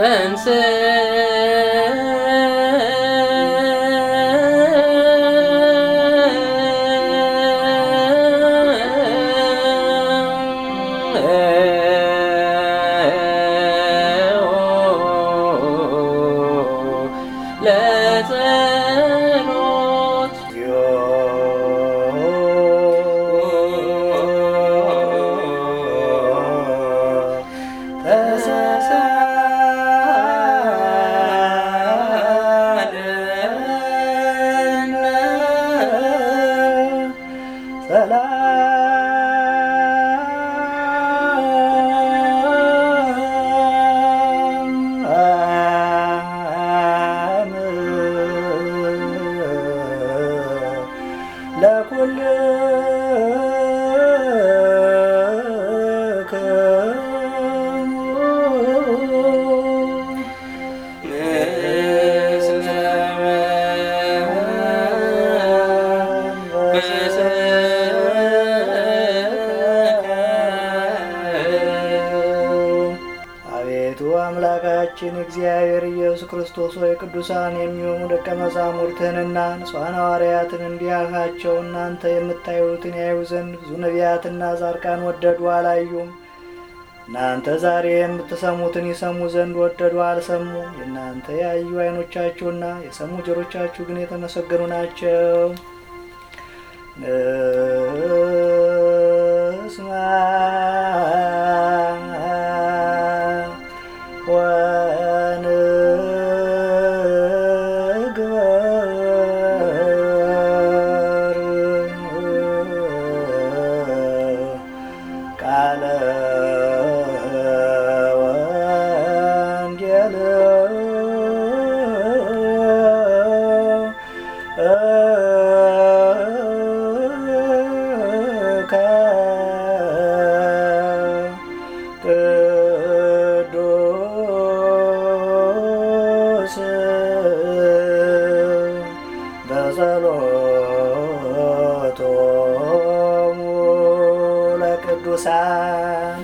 offenses. ቅዱሳን የሚሆኑ ደቀ መዛሙርትህንና ንጹሐን ሐዋርያትን እንዲህ አልሃቸው፣ እናንተ የምታዩትን ያዩ ዘንድ ብዙ ነቢያትና ጻድቃን ወደዱ፣ አላዩም። እናንተ ዛሬ የምትሰሙትን ይሰሙ ዘንድ ወደዱ፣ አልሰሙ። የእናንተ ያዩ ዓይኖቻችሁና የሰሙ ጆሮቻችሁ ግን የተመሰገኑ ናቸው። እስማ Kusa.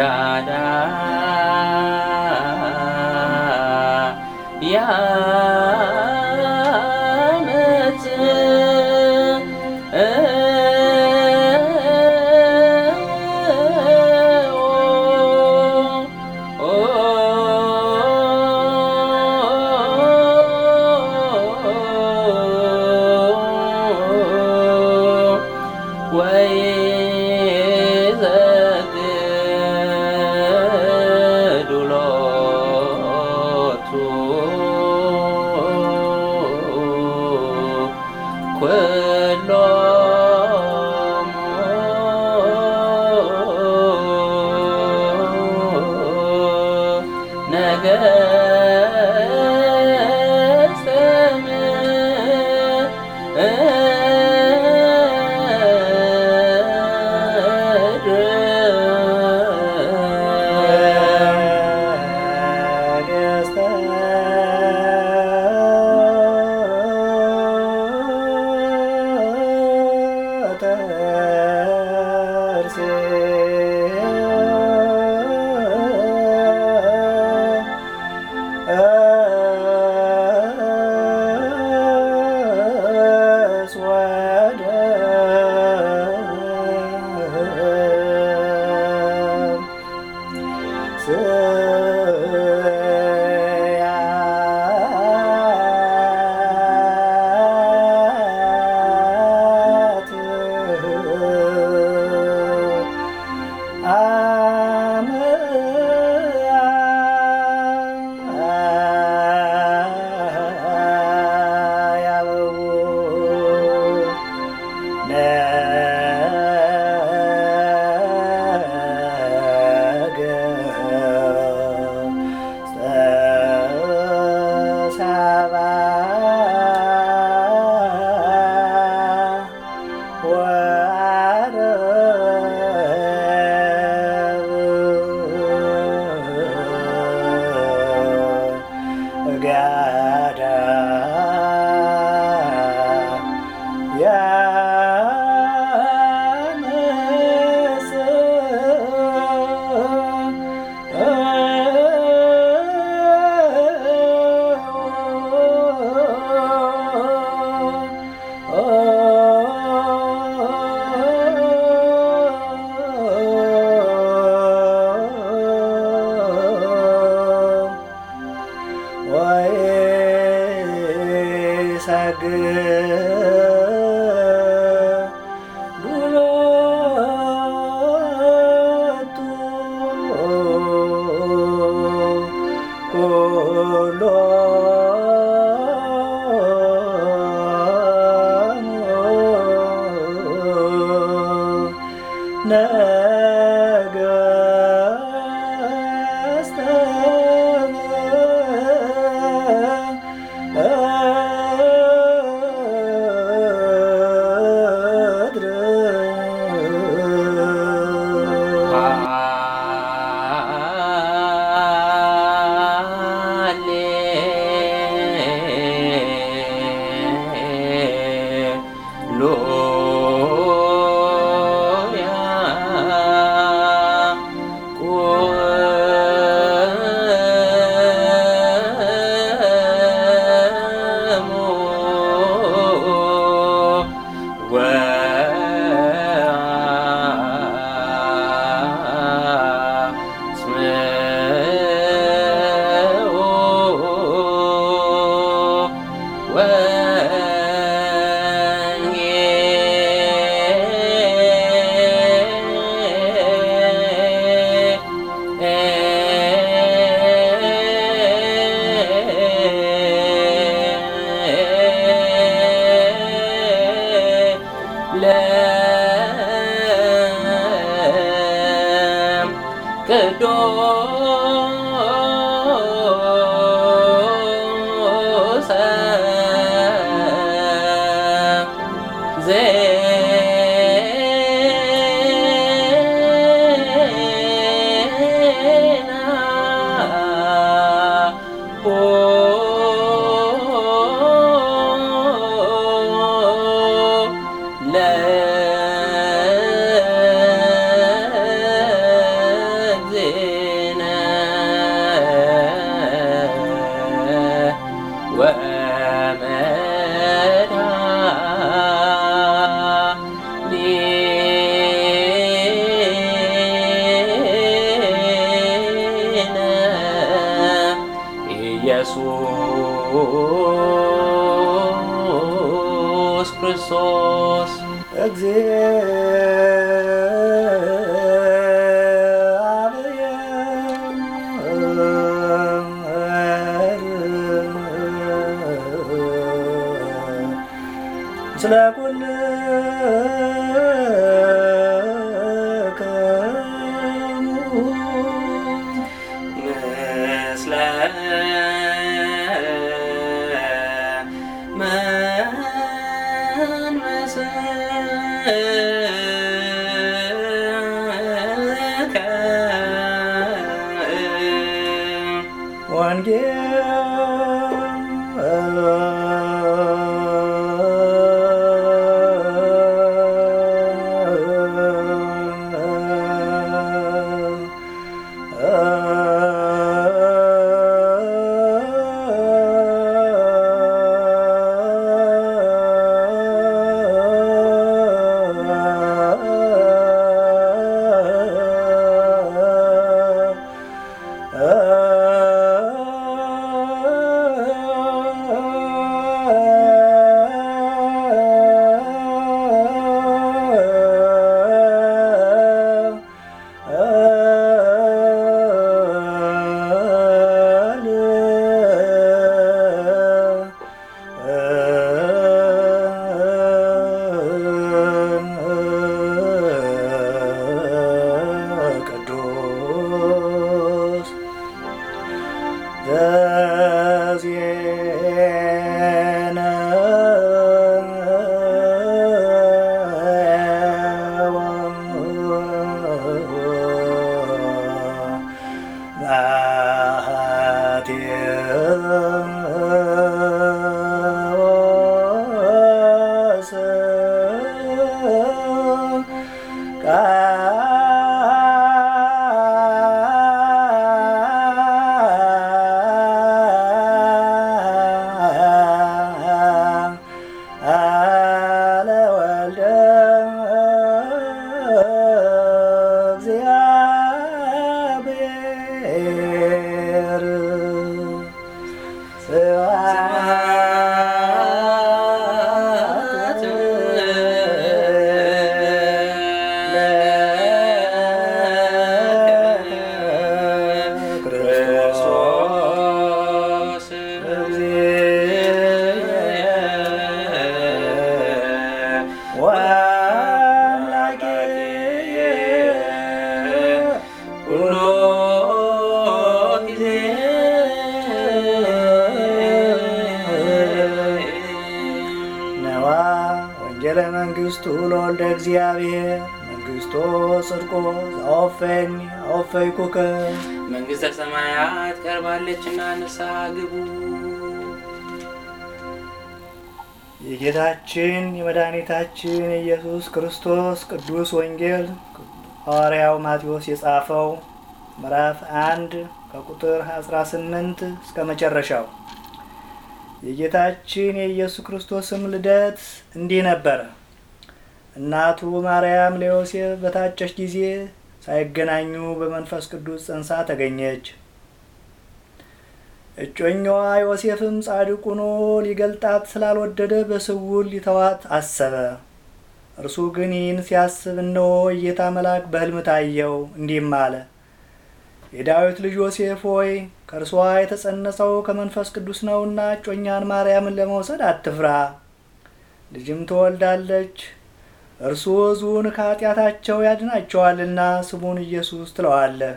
da da सग Jesus Christus. Adeus. መንግሥቱ ለወልደ እግዚአብሔር መንግሥቶ ጽድቆ ዘወፈኒ አወፈይኩከ መንግሥተ ሰማያት ቀርባለችና ንስሐ ግቡ። የጌታችን የመድኃኒታችን ኢየሱስ ክርስቶስ ቅዱስ ወንጌል ሐዋርያው ማቴዎስ የጻፈው ምዕራፍ አንድ ከቁጥር 18 እስከ መጨረሻው የጌታችን የኢየሱስ ክርስቶስም ልደት እንዲህ ነበረ። እናቱ ማርያም ለዮሴፍ በታጨች ጊዜ ሳይገናኙ በመንፈስ ቅዱስ ጸንሳ ተገኘች። እጮኛዋ ዮሴፍም ጻድቅ ሆኖ ሊገልጣት ስላልወደደ በስውር ሊተዋት አሰበ። እርሱ ግን ይህን ሲያስብ እነሆ እየታ መልአክ በሕልም ታየው፣ እንዲህም አለ የዳዊት ልጅ ዮሴፍ ሆይ ከእርሷ የተጸነሰው ከመንፈስ ቅዱስ ነውና እጮኛን ማርያምን ለመውሰድ አትፍራ፣ ልጅም ትወልዳለች እርሱ ሕዝቡን ከኃጢአታቸው ያድናቸዋልና ስሙን ኢየሱስ ትለዋለህ።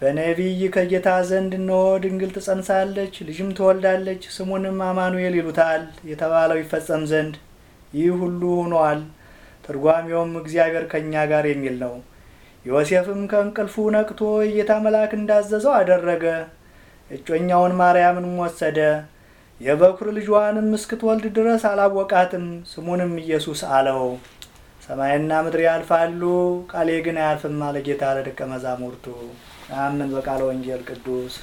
በነቢይ ከጌታ ዘንድ እነሆ ድንግል ትጸንሳለች፣ ልጅም ትወልዳለች፣ ስሙንም አማኑኤል ይሉታል የተባለው ይፈጸም ዘንድ ይህ ሁሉ ሆኗል። ትርጓሜውም እግዚአብሔር ከእኛ ጋር የሚል ነው። ዮሴፍም ከእንቅልፉ ነቅቶ የጌታ መልአክ እንዳዘዘው አደረገ። እጮኛውን ማርያምንም ወሰደ። የበኩር ልጇንም እስክትወልድ ድረስ አላወቃትም። ስሙንም ኢየሱስ አለው። ሰማይና ምድር ያልፋሉ ቃሌ ግን አያልፍም አለ ጌታ ለደቀ መዛሙርቱ። አምን በቃለ ወንጌል ቅዱስ